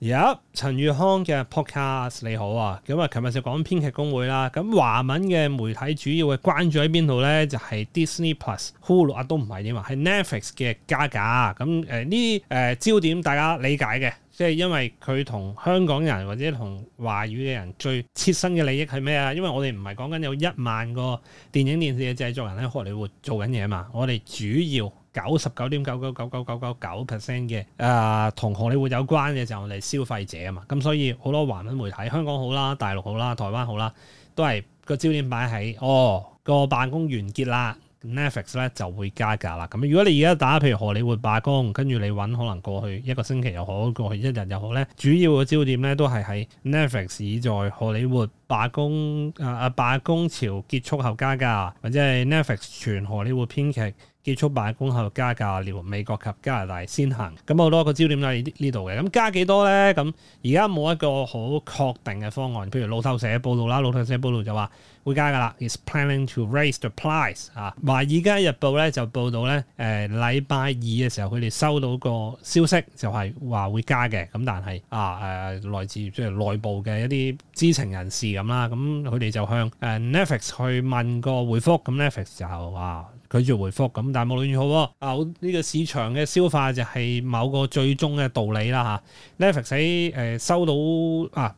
有、yep, 陳宇康嘅 podcast，你好啊，咁啊，琴日就講編劇工會啦。咁華文嘅媒體主要嘅關注喺邊度咧？就係、是、Disney Plus Hulu、啊、都唔係點話，係 Netflix 嘅加價。咁誒呢啲焦點大家理解嘅，即係因為佢同香港人或者同華語嘅人最切身嘅利益係咩啊？因為我哋唔係講緊有一萬個電影電視嘅製作人喺荷里活做緊嘢嘛，我哋主要。九十九點九九九九九九 percent 嘅，誒同、呃、荷里活有關嘅就係我哋消費者啊嘛，咁所以好多華文媒體，香港好啦，大陸好啦，台灣好啦，都係個焦點擺喺哦個辦公完結啦，Netflix 咧就會加價啦。咁如果你而家打譬如荷里活罷工，跟住你揾可能過去一個星期又好，過去一日又好咧，主要嘅焦點咧都係喺 Netflix 在荷里活。罷工啊！啊罷工潮結束後加價，或者係 Netflix 全荷里活編劇結束罷工後加價，連美國及加拿大先行。咁好多個焦點喺呢呢度嘅。咁加幾多咧？咁而家冇一個好確定嘅方案。譬如路透社報道啦，路透社報道就話會加噶啦。Is planning to raise the price 啊。華爾街日報咧就報道咧，誒禮拜二嘅時候佢哋收到個消息，就係話會加嘅。咁但係啊誒、呃、來自即係內部嘅一啲知情人士。咁啦，咁佢哋就向誒 Netflix 去問個回覆，咁 Netflix 就話拒絕回覆，咁但係無論如何，啊、這、呢個市場嘅消化就係某個最終嘅道理啦嚇、啊。Netflix 喺誒、呃、收到啊。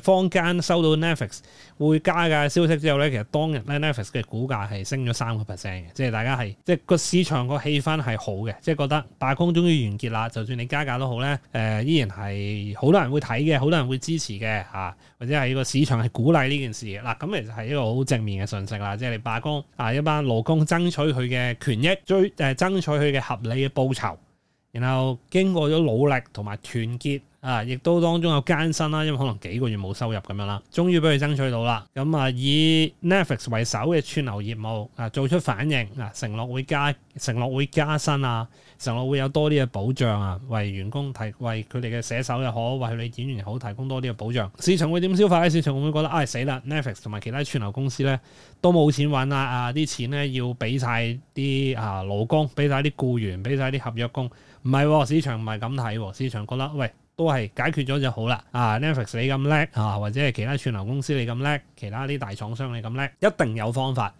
坊間收到 Netflix 會加價消息之後咧，其實當日咧 Netflix 嘅股價係升咗三個 percent 嘅，即係大家係即係個市場個氣氛係好嘅，即係覺得罷工終於完結啦，就算你加價都好咧，誒、呃、依然係好多人會睇嘅，好多人會支持嘅嚇、啊，或者係呢個市場係鼓勵呢件事嘅嗱，咁其實係一個好正面嘅信息啦，即係你罷工啊一班勞工爭取佢嘅權益，追誒、呃、爭取佢嘅合理嘅報酬，然後經過咗努力同埋團結。啊！亦都當中有艱辛啦，因為可能幾個月冇收入咁樣啦，終於俾佢爭取到啦。咁啊，以 Netflix 為首嘅串流業務啊，做出反應啊，承諾會加，承諾會加薪啊，承諾會有多啲嘅保障啊，為員工提，為佢哋嘅寫手又好，為佢哋演員又好，提供多啲嘅保障。市場會點消化？市場會唔會覺得唉、啊，死啦！Netflix 同埋其他串流公司咧都冇錢揾啦，啊啲錢咧要俾晒啲啊勞工，俾晒啲僱員，俾晒啲合約工。唔係喎，市場唔係咁睇喎，市場覺得，市場覺得喂～喂喂喂都係解決咗就好啦。啊，Netflix 你咁叻啊，或者係其他串流公司你咁叻，其他啲大廠商你咁叻，一定有方法。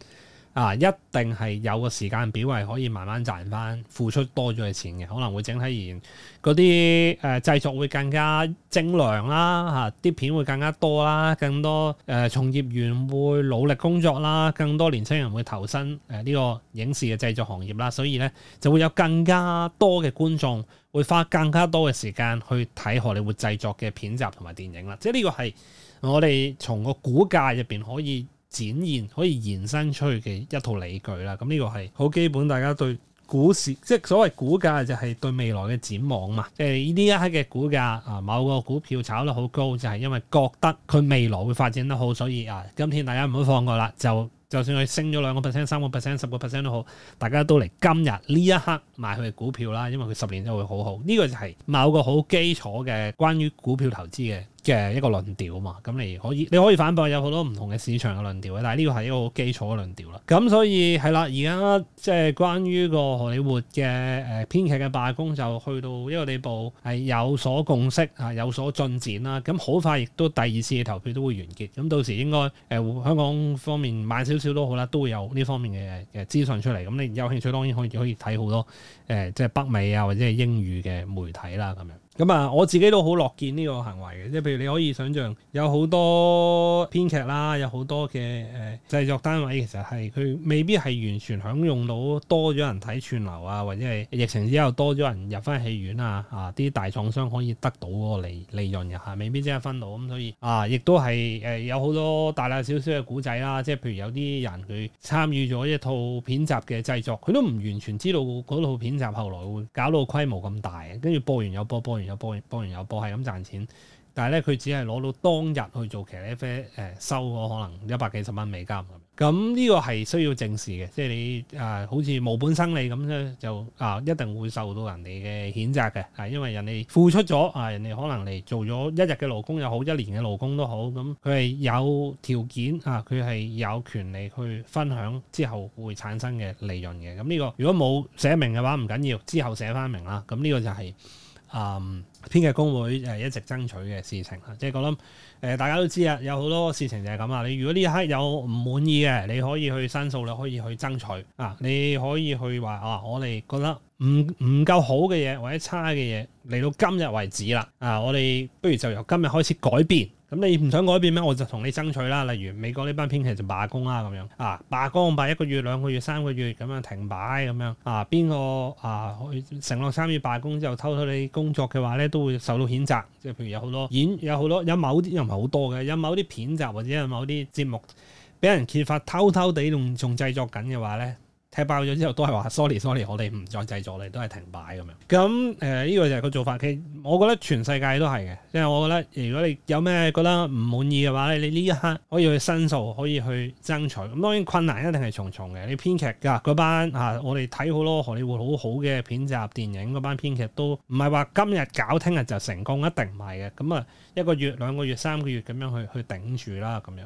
啊，一定係有個時間表係可以慢慢賺返，付出多咗嘅錢嘅，可能會整體而言嗰啲誒製作會更加精良啦，嚇、啊、啲片會更加多啦，更多誒從、呃、業員會努力工作啦，更多年輕人會投身誒呢、呃這個影視嘅製作行業啦，所以咧就會有更加多嘅觀眾會花更加多嘅時間去睇荷里活製作嘅片集同埋電影啦，即係呢個係我哋從個股價入邊可以。展現可以延伸出去嘅一套理據啦，咁、這、呢個係好基本，大家對股市即係所謂股價就係對未來嘅展望嘛。即係呢一刻嘅股價啊、呃，某個股票炒得好高，就係、是、因為覺得佢未來會發展得好，所以啊，今天大家唔好放過啦，就就算佢升咗兩個 percent、三個 percent、十個 percent 都好，大家都嚟今日呢一刻買佢嘅股票啦，因為佢十年就會好好。呢、這個就係某個好基礎嘅關於股票投資嘅。嘅一個論調啊嘛，咁你可以你可以反駁有好多唔同嘅市場嘅論調嘅，但係呢個係一個好基礎嘅論調啦。咁所以係啦，而家即係關於個荷里活嘅誒編劇嘅罷工就去到一個地步係有所共識啊，有所進展啦。咁好快亦都第二次嘅投票都會完結。咁到時應該誒、呃、香港方面慢少少都好啦，都會有呢方面嘅嘅資訊出嚟。咁你有興趣當然可以可以睇好多誒、呃，即係北美啊或者係英語嘅媒體啦咁樣。咁啊，我自己都好樂見呢個行為嘅，即係譬如你可以想象有好多編劇啦，有好多嘅誒、呃、製作單位其實係佢未必係完全享用到多咗人睇串流啊，或者係疫情之後多咗人入翻戲院啊，啊啲大廠商可以得到嗰個利利潤入嚇，未必真係分到咁、嗯，所以啊，亦都係誒、呃、有好多大大小小嘅古仔啦，即係譬如有啲人佢參與咗一套片集嘅製作，佢都唔完全知道嗰套片集後來會搞到規模咁大，跟住播完又播播完。播完有播播完有播完，係咁賺錢，但係咧佢只係攞到當日去做騎呢啡，誒、呃、收咗可能一百幾十蚊美金。咁呢個係需要正視嘅，即係你啊、呃，好似冇本生利咁咧，就啊、呃、一定會受到人哋嘅譴責嘅。啊，因為人哋付出咗啊、呃，人哋可能嚟做咗一日嘅勞工又好，一年嘅勞工都好，咁佢係有條件啊，佢、呃、係有權利去分享之後會產生嘅利潤嘅。咁呢個如果冇寫明嘅話唔緊要，之後寫翻明啦。咁呢個就係。嗯，編劇工會誒一直爭取嘅事情啦，即係我諗誒大家都知啊，有好多事情就係咁啊。你如果呢一刻有唔滿意嘅，你可以去申訴，你可以去爭取啊，你可以去話啊，我哋覺得唔唔夠好嘅嘢或者差嘅嘢，嚟到今日為止啦啊，我哋不如就由今日開始改變。咁你唔想改變咩？我就同你爭取啦。例如美國呢班編劇就罷工啦，咁樣啊，罷工唔罷一個月、兩個月、三個月咁樣停擺咁樣啊，邊個啊承諾參與罷工之後偷偷地工作嘅話咧，都會受到譴責。即係譬如有好多演有好多有某啲又唔係好多嘅，有某啲片集或者有某啲節目俾人揭發偷偷地仲仲製作緊嘅話咧。踢爆咗之後都係話 sorry sorry，我哋唔再製作你都係停擺咁樣。咁、嗯、誒，呢、呃這個就係個做法。其實我覺得全世界都係嘅，即係我覺得如果你有咩覺得唔滿意嘅話咧，你呢一刻可以去申訴，可以去爭取。咁當然困難一定係重重嘅。你編劇㗎嗰班啊，我哋睇好多荷里活好好嘅片集、電影嗰班編劇都唔係話今日搞，聽日就成功，一定唔係嘅。咁啊，一個月、兩個月、三個月咁樣去去頂住啦，咁樣。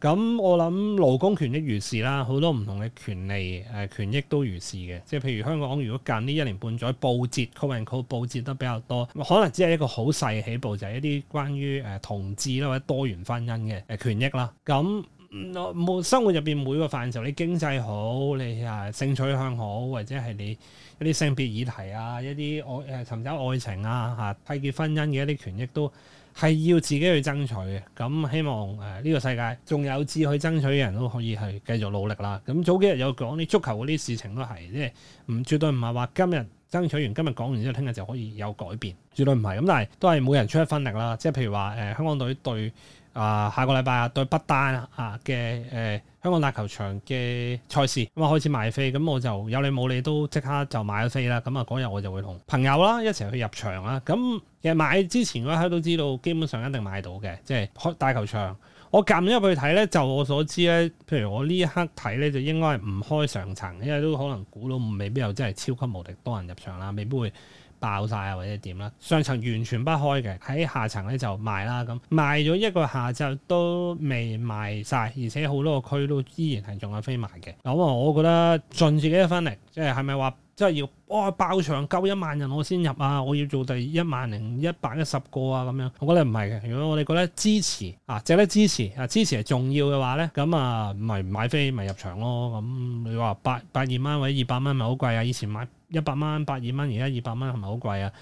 咁我諗勞工權益如是啦，好多唔同嘅權利誒、呃、權益都如是嘅，即係譬如香港如果近呢一年半載，報捷 c o u r n c o u r 報捷得比較多，可能只係一個好細起步，就係、是、一啲關於誒、呃、同志啦，或者多元婚姻嘅誒、呃、權益啦。咁、嗯呃、生活入邊每個範疇，你經濟好，你啊性取向好，或者係你一啲性別議題啊，一啲愛誒、啊、尋找愛情啊嚇締、啊、結婚姻嘅一啲權益都係要自己去爭取嘅，咁希望誒呢、呃這個世界仲有志去爭取嘅人都可以係繼續努力啦。咁、嗯、早幾日有講啲足球嗰啲事情都係，即係唔絕對唔係話今日爭取完，今日講完之後聽日就可以有改變，絕對唔係。咁但係都係每人出一分力啦。即係譬如話誒、呃、香港隊對。啊、呃，下個禮拜啊，對不丹啊嘅，誒香港大球場嘅賽事，咁啊、嗯、開始賣飛，咁我就有你冇你都即刻就買咗飛啦。咁啊嗰日我就會同朋友啦一齊去入場啦。咁其實買之前嗰一刻都知道，基本上一定買到嘅，即、就、係、是、大球場。我撳咗入去睇咧，就我所知咧，譬如我呢一刻睇咧，就應該係唔開上層，因為都可能估到未必有真係超級無敵多人入場啦，未必會。爆晒啊，或者點啦？上層完全不開嘅，喺下層咧就賣啦。咁賣咗一個下晝都未賣晒。而且好多個區都依然係仲係飛賣嘅。咁啊，我覺得盡自己嘅分力，即係係咪話即係要哇、哦、爆場夠一萬人我先入啊？我要做第一萬零一百一十個啊咁樣。我覺得唔係嘅。如果我哋覺得支持啊，值得支持啊，支持係重要嘅話咧，咁啊唔係買飛咪入場咯。咁、啊、你話八八二蚊或者二百蚊咪好貴啊？以前買。一百蚊、百二蚊，而家二百蚊係咪好貴啊？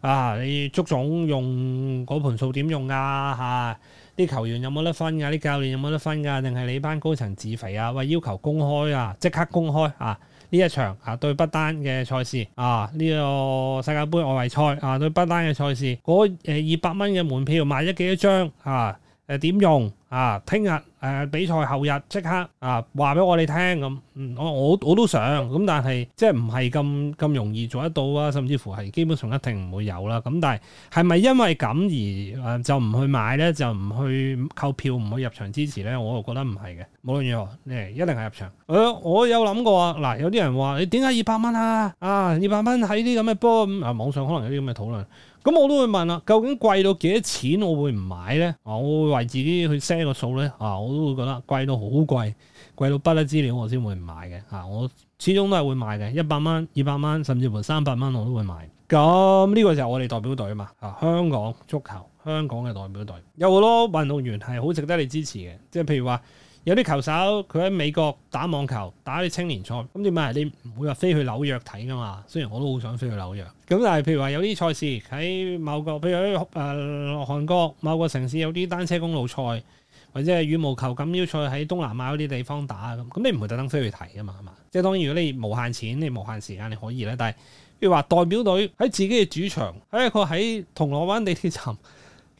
啊！你足總用嗰盤數點用㗎、啊？嚇、啊！啲球員有冇得分㗎、啊？啲教練有冇得分㗎、啊？定係你班高層自肥啊？喂，要求公開啊！即刻公開啊！呢一場啊對不丹嘅賽事啊，呢、這個世界盃外圍賽啊對不丹嘅賽事，嗰二百蚊嘅門票賣咗幾多張啊？啊誒點用啊？聽、呃、日誒、呃、比賽後日即刻啊，話、呃、俾我哋聽咁。嗯，我我我都想咁，但係即係唔係咁咁容易做得到啊？甚至乎係基本上一定唔會有啦。咁但係係咪因為咁而誒、呃、就唔去買咧？就唔去購票，唔去入場支持咧？我就覺得唔係嘅。無論如何，誒一定係入場。誒、呃、我有諗過啊。嗱，有啲人話你點解二百蚊啊？啊，二百蚊喺啲咁嘅波啊，網上可能有啲咁嘅討論。咁我都會問啦，究竟貴到幾多錢，我會唔買呢？啊，我會為自己去 set 個數呢。啊，我都會覺得貴到好貴，貴到不得資料，我先會唔買嘅。啊，我始終都係會買嘅，一百蚊、二百蚊，甚至乎三百蚊，我都會買。咁呢個就係我哋代表隊嘛，啊，香港足球，香港嘅代表隊，有好多運動員係好值得你支持嘅，即係譬如話。有啲球手佢喺美國打網球，打啲青年賽，咁點解你唔會話飛去紐約睇噶嘛？雖然我都好想飛去紐約，咁但係譬如話有啲賽事喺某個，譬如誒、呃、喺韓國某個城市有啲單車公路賽，或者係羽毛球錦標賽喺東南亞嗰啲地方打咁，咁你唔會特登飛去睇噶嘛？係嘛？即係當然如果你無限錢，你無限時間你可以咧。但係譬如話代表隊喺自己嘅主場，喺一個喺銅鑼灣地鐵站。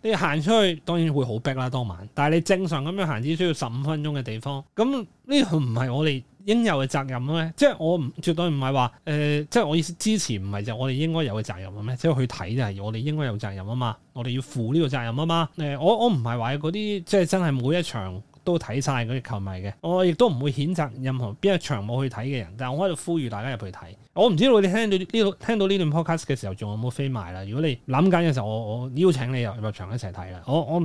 你行出去當然會好逼啦、啊，當晚。但係你正常咁樣行，只需要十五分鐘嘅地方。咁呢個唔係我哋應有嘅責任咩？即係我絕對唔係話誒，即係我意思支持唔係就係我哋應該有嘅責任嘅咩？即係去睇就係我哋應該有責任啊嘛，我哋要負呢個責任啊嘛。誒、呃，我我唔係話嗰啲即係真係每一場。都睇晒嗰啲球迷嘅，我亦都唔會譴責任何邊一場冇去睇嘅人，但係我喺度呼籲大家入去睇。我唔知道你聽到呢度聽到呢段 podcast 嘅時候仲有冇飛埋啦。如果你諗緊嘅時候，我我邀請你入入場一齊睇啦。我我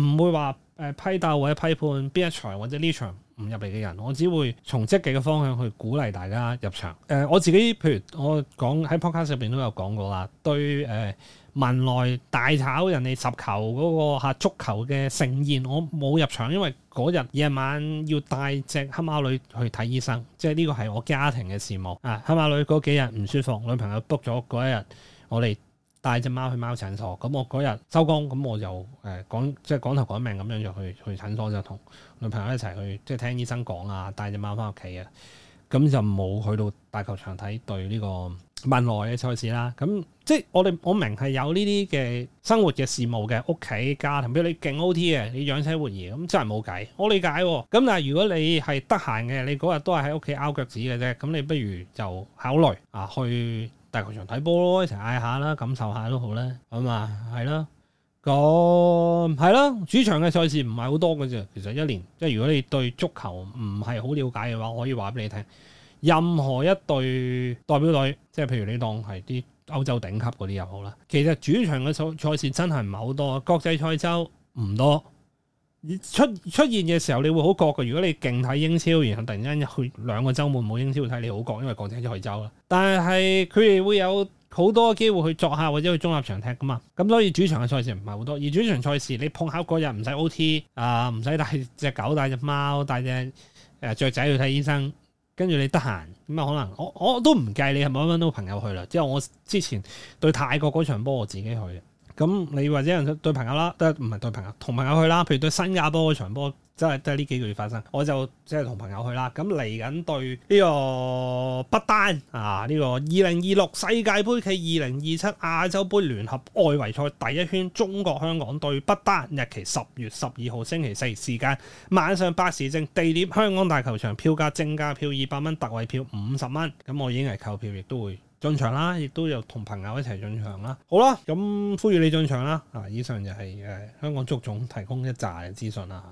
唔會話誒批鬥或者批判邊一場或者呢場唔入嚟嘅人，我只會從積極嘅方向去鼓勵大家入場。誒、呃，我自己譬如我講喺 podcast 入邊都有講過啦，對誒。呃文萊大炒人哋十球嗰個足球嘅盛宴，我冇入場，因為嗰日夜晚要帶隻黑貓女去睇醫生，即係呢個係我家庭嘅事務啊！黑貓女嗰幾日唔舒服，女朋友 book 咗嗰一日，我哋帶隻貓去貓診所。咁我嗰日收工，咁我就誒講、呃、即係講頭講命咁樣就去去診所就同女朋友一齊去即係聽醫生講啊，帶隻貓返屋企啊，咁就冇去到大球場睇對呢、呢個。文萊嘅賽事啦，咁即係我哋我明係有呢啲嘅生活嘅事務嘅屋企家庭，比如你勁 O T 嘅，你養妻活兒咁真係冇計，我理解，哦。咁但係如果你係得閒嘅，你嗰日都係喺屋企拗腳趾嘅啫，咁你不如就考慮啊去大球場睇波咯，一齊嗌下啦，感受下都好咧，咁啊係咯，咁係咯，主場嘅賽事唔係好多嘅啫，其實一年即係如果你對足球唔係好了解嘅話，我可以話俾你聽。任何一隊代表隊，即係譬如你當係啲歐洲頂級嗰啲又好啦。其實主場嘅賽賽事真係唔係好多，國際賽周唔多。出出現嘅時候你會好覺嘅。如果你勁睇英超，然後突然間去兩個週末冇英超睇，你好覺，因為國際賽周啦。但係佢哋會有好多機會去作客或者去綜合場踢噶嘛。咁所以主場嘅賽事唔係好多，而主場賽事你碰巧嗰日唔使 OT 啊，呃，唔使帶隻狗、帶隻貓、帶隻誒雀仔去睇醫生。跟住你得閒，咁啊可能我我都唔計你係咪搵到朋友去啦。之後我之前對泰國嗰場波我自己去嘅。咁你或者人對朋友啦，都唔係對朋友，同朋友去啦。譬如對新加坡嗰場波。真係都係呢幾個月發生，我就即係同朋友去啦。咁嚟緊對呢、這個不丹啊，呢、這個二零二六世界盃暨二零二七亞洲盃聯合外圍賽第一圈，中國香港對不丹，日期十月十二號星期四，時間晚上八時正，地點香港大球場，票價正價票二百蚊，特惠票五十蚊。咁我已經係購票，亦都會進場啦，亦都有同朋友一齊進場啦。好啦，咁呼籲你進場啦。啊，以上就係、是、誒、呃、香港足總提供一紮嘅資訊啦。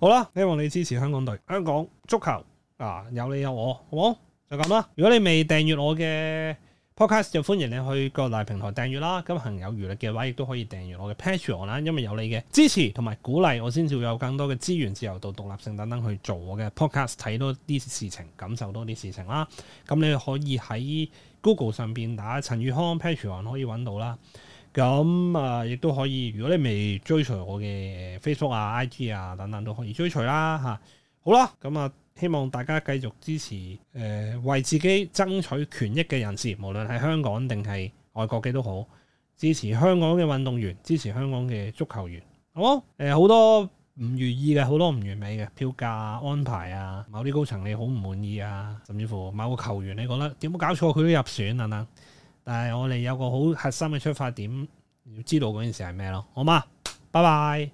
好啦，希望你支持香港隊，香港足球啊，有你有我，好冇？就咁啦。如果你未訂閱我嘅 podcast，就歡迎你去各大平台訂閱啦。咁行有餘力嘅話，亦都可以訂閱我嘅 Patreon 啦。因為有你嘅支持同埋鼓勵，我先至會有更多嘅資源、自由度、獨立性等等去做我嘅 podcast，睇多啲事情，感受多啲事情啦。咁你可以喺 Google 上邊打陳宇康 Patreon 可以搵到啦。咁啊，亦都可以。如果你未追隨我嘅 Facebook 啊、IG 啊等等，都可以追隨啦吓，好啦，咁啊，希望大家繼續支持誒、呃、為自己爭取權益嘅人士，無論係香港定係外國嘅都好。支持香港嘅運動員，支持香港嘅足球員，好，誒、呃、好多唔如意嘅，好多唔完美嘅票價安排啊，某啲高層你好唔滿意啊，甚至乎某個球員你覺得點冇搞錯，佢都入選等等。但係我哋有個好核心嘅出發點，要知道嗰件事係咩咯，好嘛？拜拜。